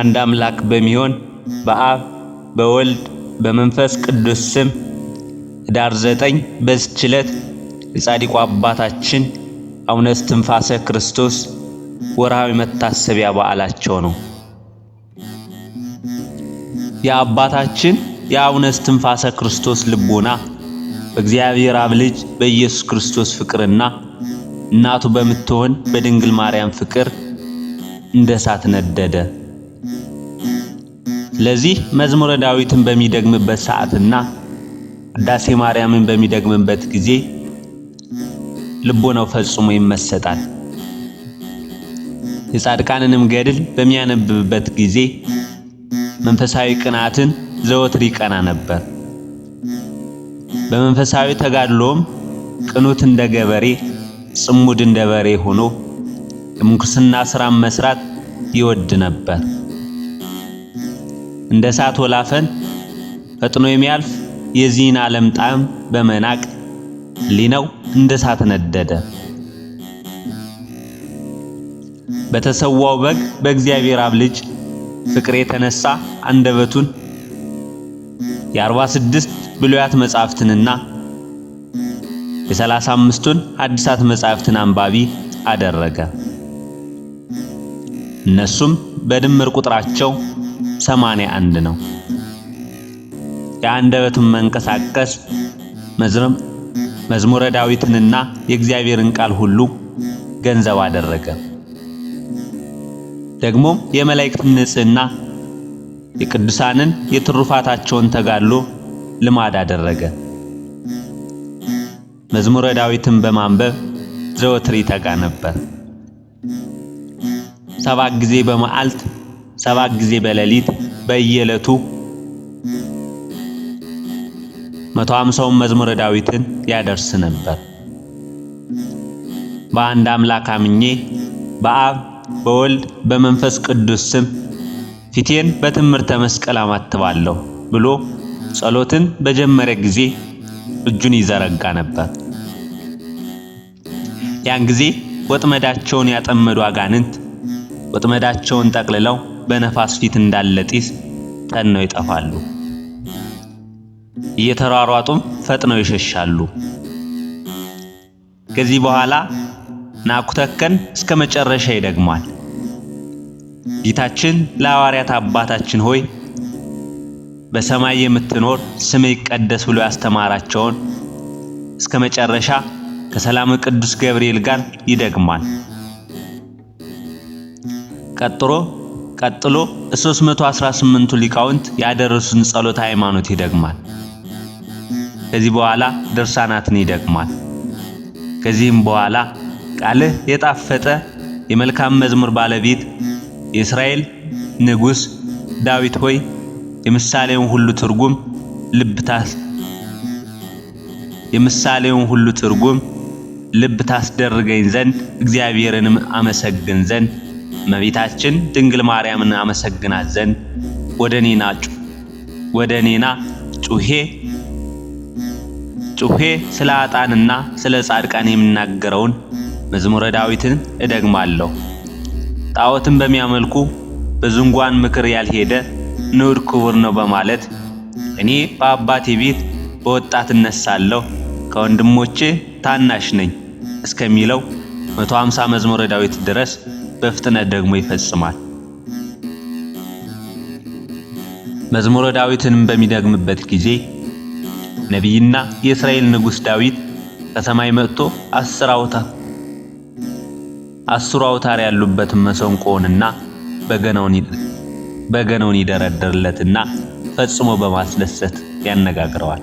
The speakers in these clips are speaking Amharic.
አንድ አምላክ በሚሆን በአብ በወልድ በመንፈስ ቅዱስ ስም ኅዳር ዘጠኝ በዚች ዕለት የጻድቁ አባታችን አቡነ እስትንፋሰ ክርስቶስ ወርሃዊ መታሰቢያ በዓላቸው ነው። የአባታችን የአቡነ እስትንፋሰ ክርስቶስ ልቦና በእግዚአብሔር አብ ልጅ በኢየሱስ ክርስቶስ ፍቅርና እናቱ በምትሆን በድንግል ማርያም ፍቅር እንደ እሳት ነደደ። ለዚህ መዝሙረ ዳዊትን በሚደግምበት ሰዓትና ቅዳሴ ማርያምን በሚደግምበት ጊዜ ልቦናው ፈጽሞ ይመሰጣል። የጻድቃንንም ገድል በሚያነብብበት ጊዜ መንፈሳዊ ቅናትን ዘወትር ይቀና ነበር። በመንፈሳዊ ተጋድሎም ቅኑት እንደ ገበሬ፣ ጽሙድ እንደ በሬ ሆኖ የምንኩስና ስራን መስራት ይወድ ነበር። እንደ እሳት ወላፈን ፈጥኖ የሚያልፍ የዚህን ዓለም ጣዕም በመናቅ ሊነው እንደ እሳት ነደደ። በተሰዋው በግ በእግዚአብሔር አብ ልጅ ፍቅር የተነሳ አንደበቱን የአርባ ስድስት ብሉያት መጻሕፍትንና የሰላሳ አምስቱን አዲሳት መጻሕፍትን አንባቢ አደረገ። እነሱም በድምር ቁጥራቸው 81 ነው። የአንደበቱን መንቀሳቀስ መዝሙረ ዳዊትንና የእግዚአብሔርን ቃል ሁሉ ገንዘብ አደረገ። ደግሞም የመላእክትን ንጽህና የቅዱሳንን የትሩፋታቸውን ተጋድሎ ልማድ አደረገ። መዝሙረ ዳዊትን በማንበብ ዘወትር ይተጋ ነበር። ሰባት ጊዜ በመዓልት ሰባት ጊዜ በሌሊት በየዕለቱ መቶ አምሳውን መዝሙረ ዳዊትን ያደርስ ነበር። በአንድ አምላክ አምኜ በአብ በወልድ በመንፈስ ቅዱስ ስም ፊቴን በትምህርተ መስቀል አማትባለሁ ብሎ ጸሎትን በጀመረ ጊዜ እጁን ይዘረጋ ነበር። ያን ጊዜ ወጥመዳቸውን ያጠመዱ አጋንንት ወጥመዳቸውን ጠቅልለው በነፋስ ፊት እንዳለ ጢስ ጠነው ይጠፋሉ። እየተሯሯጡም ፈጥነው ይሸሻሉ። ከዚህ በኋላ ናኩተከን እስከ መጨረሻ ይደግሟል። ጌታችን ለሐዋርያት አባታችን ሆይ በሰማይ የምትኖር ስም ይቀደስ ብሎ ያስተማራቸውን እስከ መጨረሻ ከሰላም ቅዱስ ገብርኤል ጋር ይደግማል። ቀጥሮ ቀጥሎ 318ቱ ሊቃውንት ያደረሱን ጸሎት ሃይማኖት ይደግማል። ከዚህ በኋላ ድርሳናትን ይደግማል። ከዚህም በኋላ ቃልህ የጣፈጠ የመልካም መዝሙር ባለቤት የእስራኤል ንጉሥ ዳዊት ሆይ የምሳሌውን ሁሉ ትርጉም ልብ ታስ የምሳሌውን ሁሉ ትርጉም ልብ ታስደርገኝ ዘንድ እግዚአብሔርንም አመሰግን ዘንድ እመቤታችን ድንግል ማርያምን አመሰግናት ዘንድ ወደ ኔና ወደ ኔና ጩሄ ጩሄ ስለ አጣንና ስለ ጻድቃን የሚናገረውን መዝሙረ ዳዊትን እደግማለሁ። ጣዖትን በሚያመልኩ በዝንጓን ምክር ያልሄደ ንዑድ ክቡር ነው በማለት እኔ በአባቴ ቤት በወጣት እነሳለሁ ከወንድሞቼ ታናሽ ነኝ እስከሚለው 150 መዝሙረ ዳዊት ድረስ በፍጥነት ደግሞ ይፈጽማል። መዝሙረ ዳዊትንም በሚደግምበት ጊዜ ነቢይና የእስራኤል ንጉሥ ዳዊት ከሰማይ መጥቶ አስር አውታር አስሩ አውታር ያሉበትን መሰንቆውንና በገናውን በገናውን ይደረደርለትና ፈጽሞ በማስደሰት ያነጋግረዋል።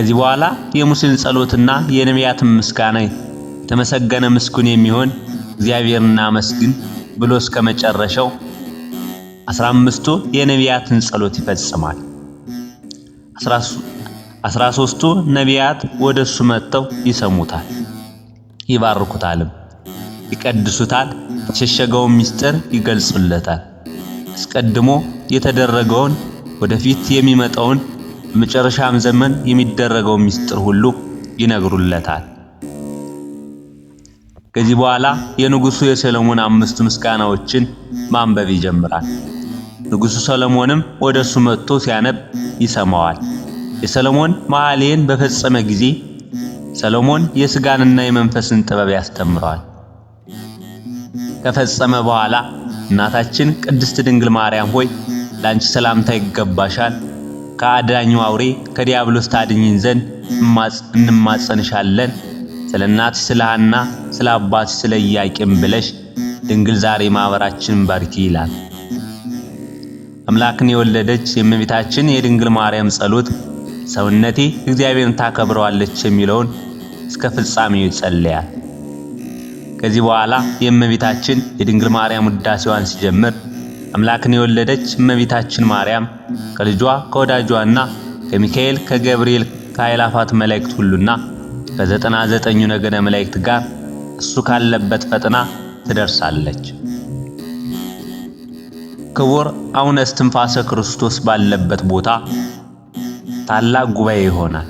ከዚህ በኋላ የሙሴን ጸሎትና የነቢያትን ምስጋና የተመሰገነ ምስጉን የሚሆን እግዚአብሔርና መስግን ብሎ እስከ መጨረሻው አስራ አምስቱ የነቢያትን ጸሎት ይፈጽማል። አስራ ሦስቱ ነቢያት ወደ እሱ መጥተው ይሰሙታል፣ ይባርኩታልም፣ ይቀድሱታል፣ የተሸሸገውን ምስጢር ይገልጹለታል። አስቀድሞ የተደረገውን ወደፊት የሚመጣውን በመጨረሻም ዘመን የሚደረገው ምስጢር ሁሉ ይነግሩለታል። ከዚህ በኋላ የንጉሱ የሰሎሞን አምስቱ ምስጋናዎችን ማንበብ ይጀምራል። ንጉሱ ሰሎሞንም ወደ እሱ መጥቶ ሲያነብ ይሰማዋል። የሰሎሞን መሐሌን በፈጸመ ጊዜ ሰሎሞን የስጋንና የመንፈስን ጥበብ ያስተምረዋል። ከፈጸመ በኋላ እናታችን ቅድስት ድንግል ማርያም ሆይ ላንቺ ሰላምታ ይገባሻል ከአዳኙ አውሬ ከዲያብሎስ ታድኝን ዘንድ እንማጸንሻለን። ስለ እናትሽ ስለ ሐና ስለ አባት ስለ ኢያቄም ብለሽ ድንግል ዛሬ ማኅበራችን ባርኪ ይላል። አምላክን የወለደች የእመቤታችን የድንግል ማርያም ጸሎት ሰውነቴ እግዚአብሔርን ታከብረዋለች የሚለውን እስከ ፍጻሜው ይጸለያል። ከዚህ በኋላ የእመቤታችን የድንግል ማርያም ውዳሴዋን ሲጀምር አምላክን የወለደች እመቤታችን ማርያም ከልጇ ከወዳጇና ከሚካኤል ከገብርኤል ከኃይላፋት መላእክት ሁሉና ከዘጠና ዘጠኙ ነገደ መላእክት ጋር እሱ ካለበት ፈጥና ትደርሳለች። ክቡር አቡነ እስትንፋሰ ክርስቶስ ባለበት ቦታ ታላቅ ጉባኤ ይሆናል።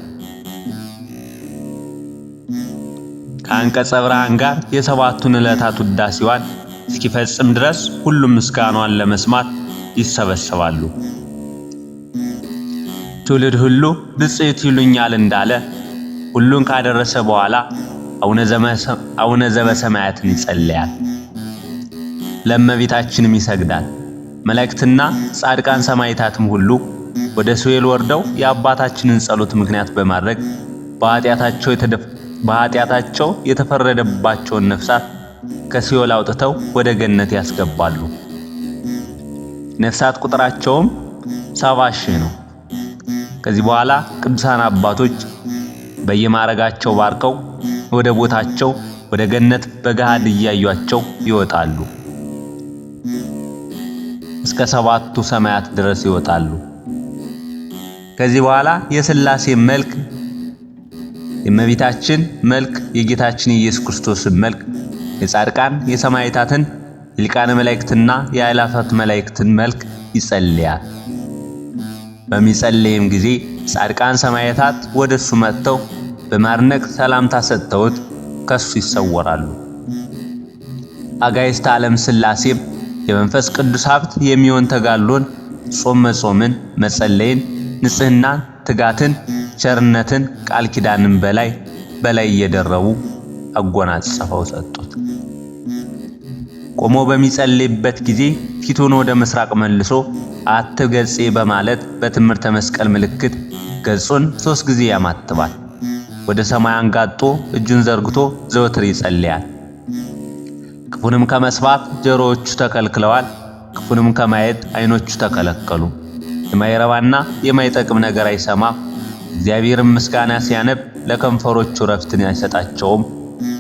ከአንቀጸ ብርሃን ጋር የሰባቱን ዕለታት ውዳሴዋን እስኪፈጽም ድረስ ሁሉም ምስጋናዋን ለመስማት ይሰበሰባሉ። ትውልድ ሁሉ ብጽዕት ይሉኛል እንዳለ ሁሉን ካደረሰ በኋላ አቡነ ዘበሰማያትን ይጸልያል፣ ለእመቤታችንም ይሰግዳል። መላእክትና ጻድቃን ሰማዕታትም ሁሉ ወደ ሲኦል ወርደው የአባታችንን ጸሎት ምክንያት በማድረግ በኃጢአታቸው የተፈረደባቸውን ነፍሳት ከሲኦል አውጥተው ወደ ገነት ያስገባሉ። ነፍሳት ቁጥራቸውም ሰባ ሺህ ነው። ከዚህ በኋላ ቅዱሳን አባቶች በየማረጋቸው ባርከው ወደ ቦታቸው ወደ ገነት በገሃድ እያዩቸው ይወጣሉ። እስከ ሰባቱ ሰማያት ድረስ ይወጣሉ። ከዚህ በኋላ የሥላሴ መልክ የእመቤታችን መልክ የጌታችን የኢየሱስ ክርስቶስን መልክ የጻድቃን የሰማዕታትን የሊቃነ መላእክትና የአእላፋት መላእክትን መልክ ይጸልያል። በሚጸልይም ጊዜ ጻድቃን ሰማዕታት ወደ እሱ መጥተው በማድነቅ ሰላምታ ሰጥተውት ከሱ ይሰወራሉ። አጋይስተ ዓለም ሥላሴም የመንፈስ ቅዱስ ሀብት የሚሆን ተጋድሎን ጾም መጾምን፣ መጸለይን፣ ንጽህናን፣ ትጋትን፣ ቸርነትን፣ ቃል ኪዳንን በላይ በላይ እየደረቡ አጎናጽፈው ሰጡት። ቆሞ በሚጸልይበት ጊዜ ፊቱን ወደ ምስራቅ መልሶ አትገጼ በማለት በትምህርተ መስቀል ምልክት ገጹን ሦስት ጊዜ ያማትባል። ወደ ሰማይ አንጋጦ እጁን ዘርግቶ ዘወትር ይጸልያል። ክፉንም ከመስፋት ጆሮዎቹ ተከልክለዋል። ክፉንም ከማየት ዓይኖቹ ተከለከሉ። የማይረባና የማይጠቅም ነገር አይሰማም። እግዚአብሔርን ምስጋና ሲያነብ ለከንፈሮቹ ረፍትን አይሰጣቸውም።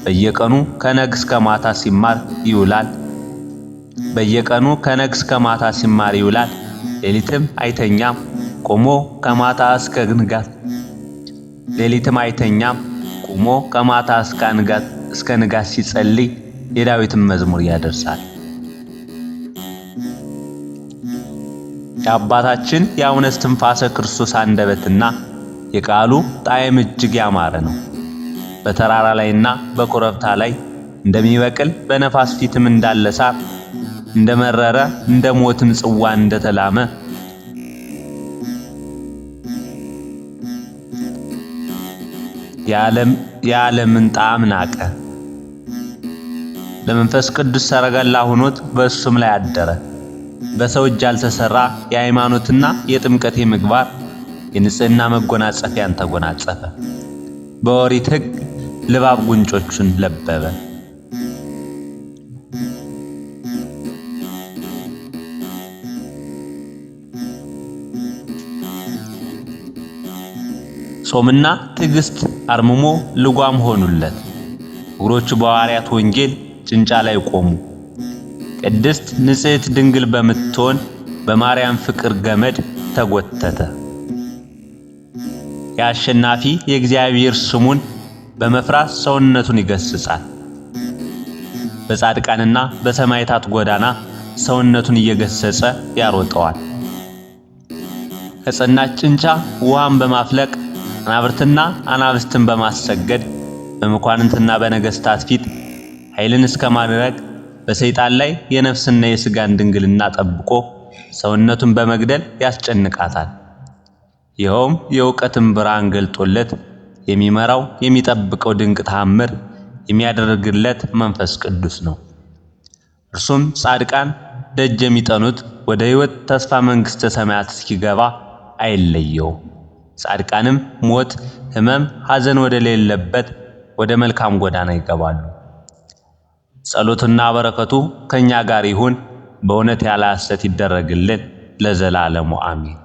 በየቀኑ ከነግስ ከማታ ሲማር ይውላል። በየቀኑ ከነግስ ከማታ ሲማር ይውላል። ሌሊትም አይተኛም፣ ቆሞ ከማታ እስከ ንጋት ሌሊትም አይተኛም፣ ቆሞ ከማታ እስከ ንጋት እስከ ንጋት ሲጸልይ የዳዊትን መዝሙር ያደርሳል። የአባታችን የአቡነ እስትንፋሰ ክርስቶስ አንደበትና የቃሉ ጣዕም እጅግ ያማረ ነው። በተራራ ላይና በኮረብታ ላይ እንደሚበቅል በነፋስ ፊትም እንዳለ ሳር እንደመረረ እንደ ሞትም ጽዋ እንደተላመ የዓለምን ጣዕም ናቀ። ለመንፈስ ቅዱስ ሰረገላ ሆኖት በእሱም ላይ አደረ። በሰው እጅ ያልተሰራ የሃይማኖትና የጥምቀት ምግባር የንጽህና መጎናጸፊያን ተጎናጸፈ። በኦሪት ሕግ ልባብ ጉንጮቹን ለበበ። ጾምና ትዕግስት አርምሞ ልጓም ሆኑለት። እግሮቹ በሐዋርያት ወንጌል ጭንጫ ላይ ቆሙ። ቅድስት ንጽሕት ድንግል በምትሆን በማርያም ፍቅር ገመድ ተጎተተ። የአሸናፊ የእግዚአብሔር ስሙን በመፍራት ሰውነቱን ይገስጻል። በጻድቃንና በሰማይታት ጎዳና ሰውነቱን እየገሰጸ ያሮጠዋል። ከጸናች ጭንጫ ውሃን በማፍለቅ አናብርትና አናብስትን በማሰገድ በመኳንንትና በነገስታት ፊት ኃይልን እስከ ማድረግ በሰይጣን ላይ የነፍስና የስጋን ድንግልና ጠብቆ ሰውነቱን በመግደል ያስጨንቃታል። ይኸውም የእውቀትን ብርሃን ገልጦለት የሚመራው የሚጠብቀው ድንቅ ተአምር የሚያደርግለት መንፈስ ቅዱስ ነው። እርሱም ጻድቃን ደጅ የሚጠኑት ወደ ሕይወት ተስፋ መንግሥተ ሰማያት እስኪገባ አይለየውም። ጻድቃንም ሞት፣ ሕመም፣ ሐዘን ሌለበት ወደ መልካም ጎዳና ይገባሉ። ጸሎትና በረከቱ ከእኛ ጋር ይሁን። በእውነት ያለ ሐሰት ይደረግልን ለዘላለሙ አሜን።